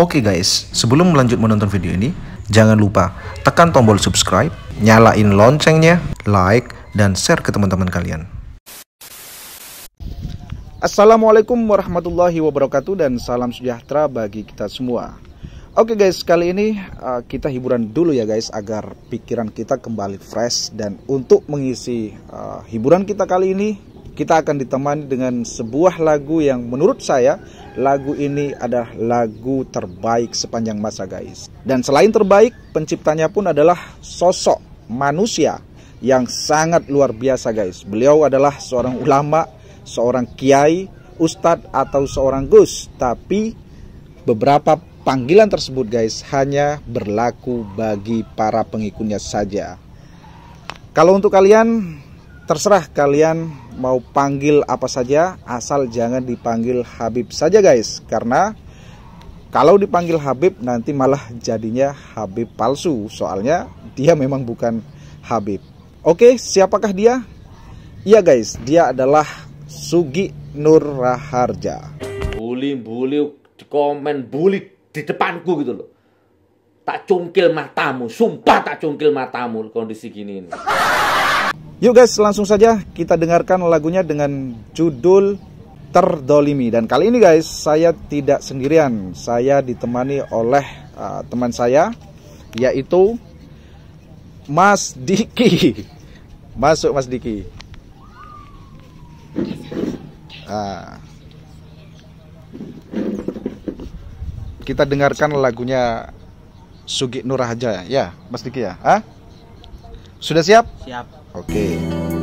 Oke okay guys, sebelum lanjut menonton video ini, jangan lupa tekan tombol subscribe, nyalain loncengnya, like, dan share ke teman-teman kalian. Assalamualaikum warahmatullahi wabarakatuh dan salam sejahtera bagi kita semua. Oke okay guys, kali ini uh, kita hiburan dulu ya guys agar pikiran kita kembali fresh dan untuk mengisi uh, hiburan kita kali ini kita akan ditemani dengan sebuah lagu yang menurut saya lagu ini adalah lagu terbaik sepanjang masa guys. Dan selain terbaik, penciptanya pun adalah sosok manusia yang sangat luar biasa guys. Beliau adalah seorang ulama, seorang kiai, ustadz atau seorang gus. Tapi beberapa panggilan tersebut guys hanya berlaku bagi para pengikutnya saja. Kalau untuk kalian, terserah kalian mau panggil apa saja asal jangan dipanggil Habib saja guys karena kalau dipanggil Habib nanti malah jadinya Habib palsu soalnya dia memang bukan Habib. Oke, siapakah dia? Iya guys, dia adalah Sugi Nur Raharja. Bully, bully, komen bully di depanku gitu loh. Tak cungkil matamu, sumpah tak cungkil matamu kondisi gini ini. Yuk guys, langsung saja kita dengarkan lagunya dengan judul Terdolimi. Dan kali ini guys, saya tidak sendirian. Saya ditemani oleh uh, teman saya, yaitu Mas Diki. Masuk Mas Diki. Uh, Kita dengarkan lagunya Sugi Nurahaja ya, Mas Diki ya. Hah? Sudah siap? Siap. Oke. Okay.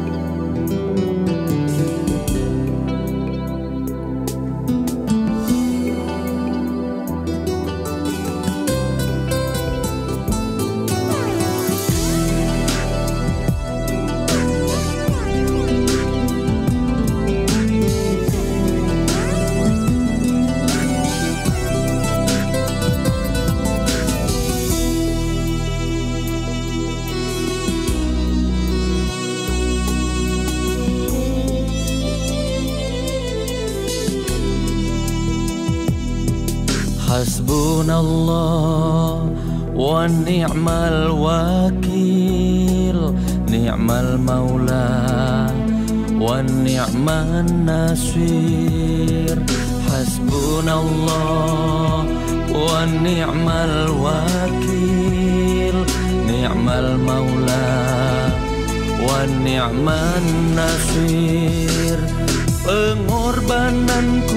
Hasbunallah wa ni'mal wakil Ni'mal maula wa ni'man nasir Hasbunallah wa ni'mal wakil Ni'mal maula wa ni'man nasir Pengorbananku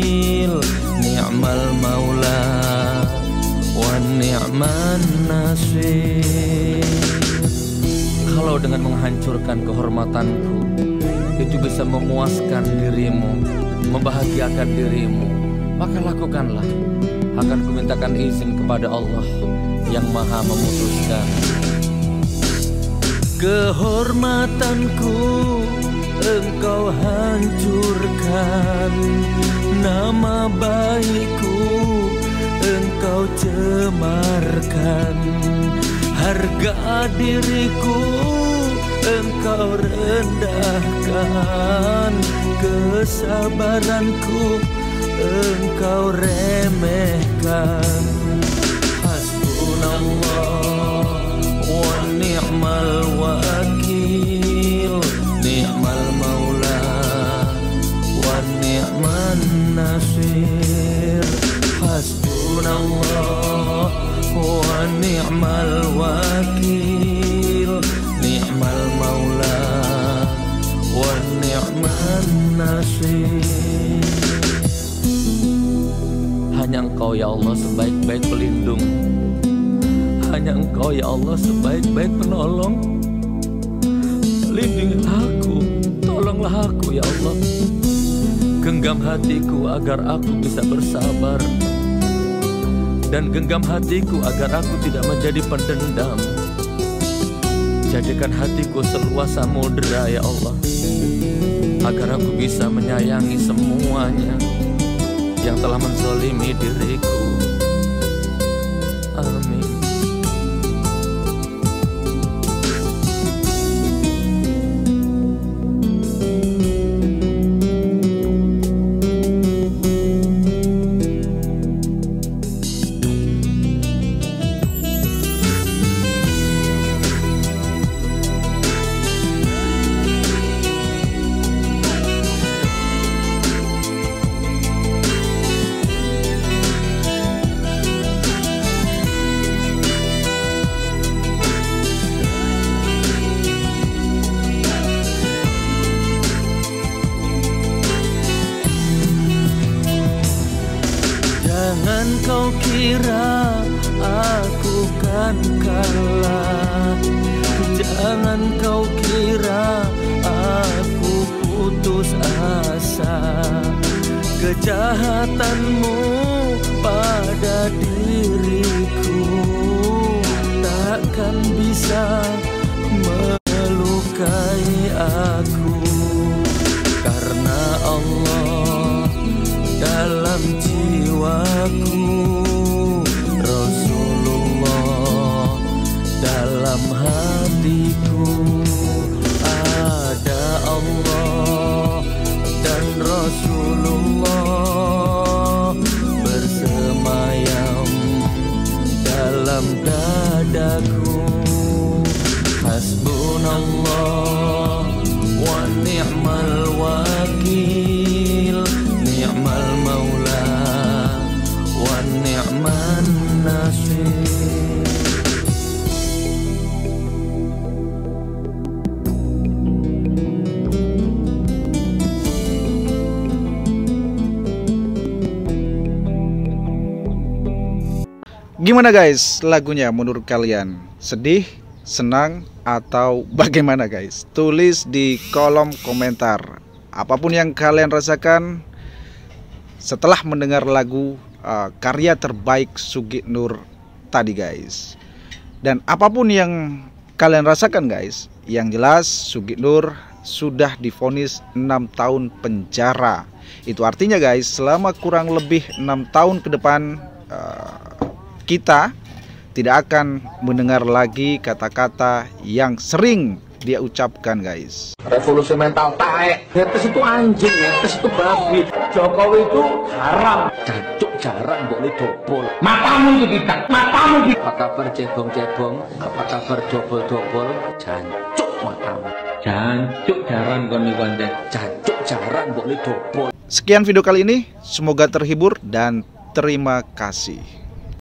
ni'mal maula wa Kalau dengan menghancurkan kehormatanku itu bisa memuaskan dirimu, membahagiakan dirimu, maka lakukanlah. Akan kumintakan izin kepada Allah yang maha memutuskan. Kehormatanku engkau hancurkan Nama baikku engkau cemarkan Harga diriku engkau rendahkan Kesabaranku engkau remehkan Hasbunallah wakil Ni'mal maula Wa ni'man nasir Hanya engkau ya Allah sebaik-baik pelindung Hanya engkau ya Allah sebaik-baik penolong Lindungi aku Tolonglah aku ya Allah Genggam hatiku agar aku bisa bersabar dan genggam hatiku agar aku tidak menjadi pendendam Jadikan hatiku seluas samudera ya Allah Agar aku bisa menyayangi semuanya Yang telah menzolimi diriku Dan kau kira aku kan kalah Jangan kau kira aku putus asa Kejahatanmu pada diriku Takkan bisa melukai aku Karena Allah dalam cinta us through Gimana guys lagunya menurut kalian? Sedih, senang, atau bagaimana guys? Tulis di kolom komentar. Apapun yang kalian rasakan setelah mendengar lagu uh, karya terbaik Sugit Nur tadi guys. Dan apapun yang kalian rasakan guys, yang jelas Sugit Nur sudah difonis 6 tahun penjara. Itu artinya guys, selama kurang lebih 6 tahun ke depan uh, kita tidak akan mendengar lagi kata-kata yang sering dia ucapkan guys revolusi mental taek netes itu anjing netes itu babi Jokowi itu haram jancuk jarang boleh dobol matamu itu tidak matamu itu apa kabar cebong-cebong apa kabar dobol-dobol jancuk matamu jancuk jarang kon jancuk jarang boleh dobol sekian video kali ini semoga terhibur dan terima kasih